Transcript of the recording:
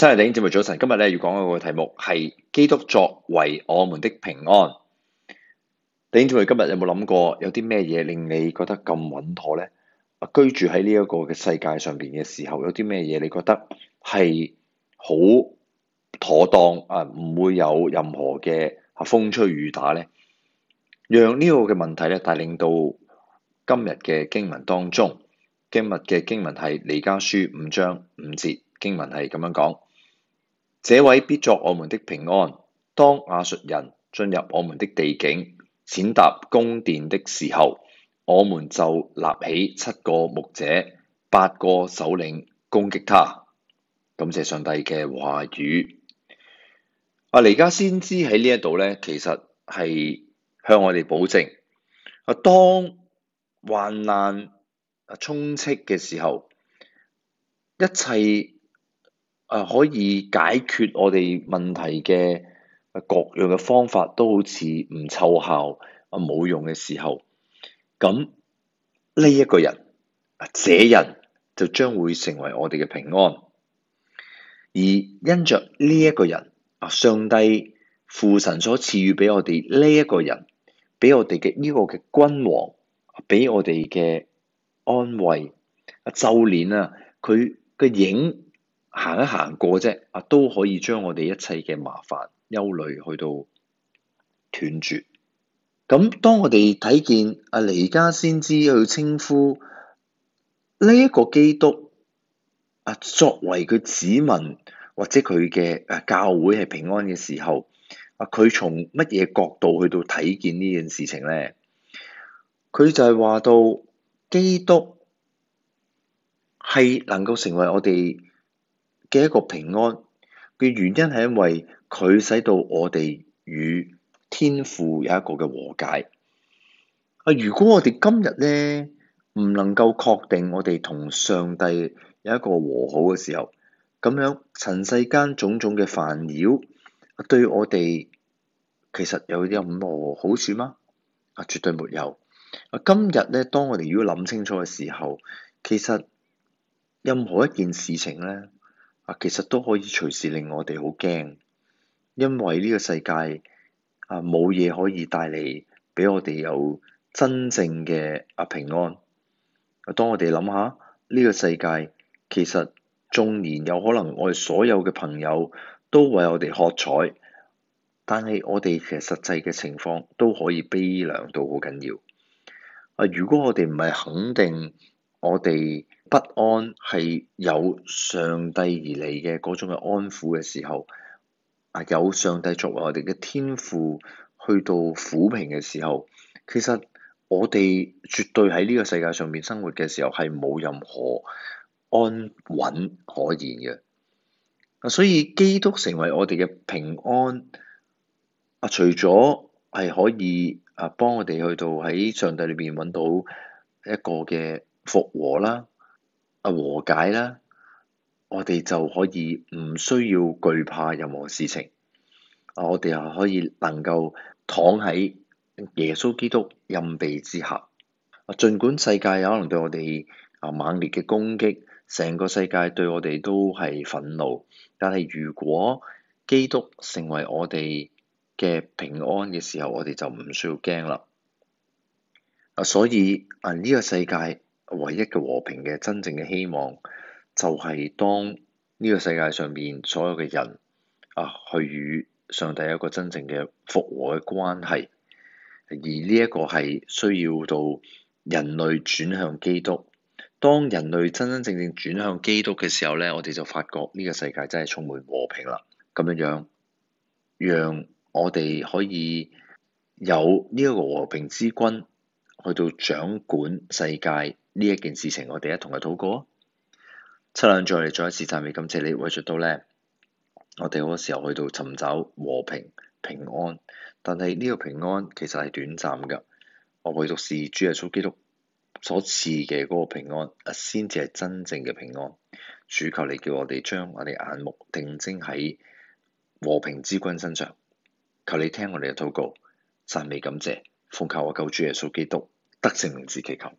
真係頂節早晨，今日咧，要講一個題目係基督作為我們的平安。頂節今日有冇諗過有啲咩嘢令你覺得咁穩妥咧？啊，居住喺呢一個嘅世界上邊嘅時候，有啲咩嘢你覺得係好妥當啊？唔會有任何嘅啊風吹雨打咧，讓呢個嘅問題咧，帶領到今日嘅經文當中，今日嘅經文係彌迦書五章五節經文係咁樣講。這位必作我們的平安。當亞述人進入我們的地境、踐踏宮殿的時候，我們就立起七個牧者、八個首領攻擊他。感謝上帝嘅話語。啊，彌迦先知喺呢一度呢，其實係向我哋保證。啊，當患難啊充斥嘅時候，一切。誒、啊，可以解決我哋問題嘅各樣嘅方法都好似唔奏效，啊冇用嘅時候，咁呢一個人，啊這人就將會成為我哋嘅平安。而因着呢一個人，啊上帝父神所賜予俾我哋呢一個人，俾我哋嘅呢個嘅君王，俾、啊、我哋嘅安慰，啊就連啊，佢嘅影。行一行過啫，啊都可以將我哋一切嘅麻煩憂慮去到斷絕。咁當我哋睇見啊彌迦先知去稱呼呢一個基督啊，作為佢子民或者佢嘅誒教會係平安嘅時候，啊佢從乜嘢角度去到睇見呢件事情咧？佢就係話到基督係能夠成為我哋。嘅一個平安嘅原因係因為佢使到我哋與天父有一個嘅和解啊！如果我哋今日咧唔能夠確定我哋同上帝有一個和好嘅時候，咁樣塵世間種種嘅煩擾對我哋其實有任何好處嗎？啊，絕對沒有啊！今日咧，當我哋如果諗清楚嘅時候，其實任何一件事情咧。其實都可以隨時令我哋好驚，因為呢個世界啊，冇嘢可以帶嚟俾我哋有真正嘅啊平安。啊，當我哋諗下呢個世界，其實縱然有可能我哋所有嘅朋友都為我哋喝彩，但係我哋其實實際嘅情況都可以悲涼到好緊要。啊，如果我哋唔係肯定我哋不安係有上帝而嚟嘅嗰種嘅安撫嘅時候，啊有上帝作為我哋嘅天父去到撫平嘅時候，其實我哋絕對喺呢個世界上面生活嘅時候係冇任何安穩可言嘅。所以基督成為我哋嘅平安啊，除咗係可以啊幫我哋去到喺上帝裏邊搵到一個嘅復和啦。啊和解啦，我哋就可以唔需要懼怕任何事情。啊，我哋又可以能夠躺喺耶穌基督蔭庇之下。啊，儘管世界有可能對我哋啊猛烈嘅攻擊，成個世界對我哋都係憤怒，但係如果基督成為我哋嘅平安嘅時候，我哋就唔需要驚啦。啊，所以啊呢個世界。唯一嘅和平嘅真正嘅希望，就係當呢個世界上面所有嘅人啊，去與上帝有一個真正嘅復和嘅關係，而呢一個係需要到人類轉向基督。當人類真真正正轉向基督嘅時候咧，我哋就發覺呢個世界真係充滿和平啦。咁樣樣，讓我哋可以有呢一個和平之君去到掌管世界。呢一件事情，我哋一同嚟禱告，啊。七兩再嚟，再一次讚美感謝你，為著到呢，我哋好多時候去到尋找和平平安，但係呢個平安其實係短暫㗎。我唯獨是主耶穌基督所賜嘅嗰個平安，先至係真正嘅平安。主，求你叫我哋將我哋眼目定睛喺和平之君身上。求你聽我哋嘅禱告，讚美感謝，奉求我救主耶穌基督得勝名字祈求。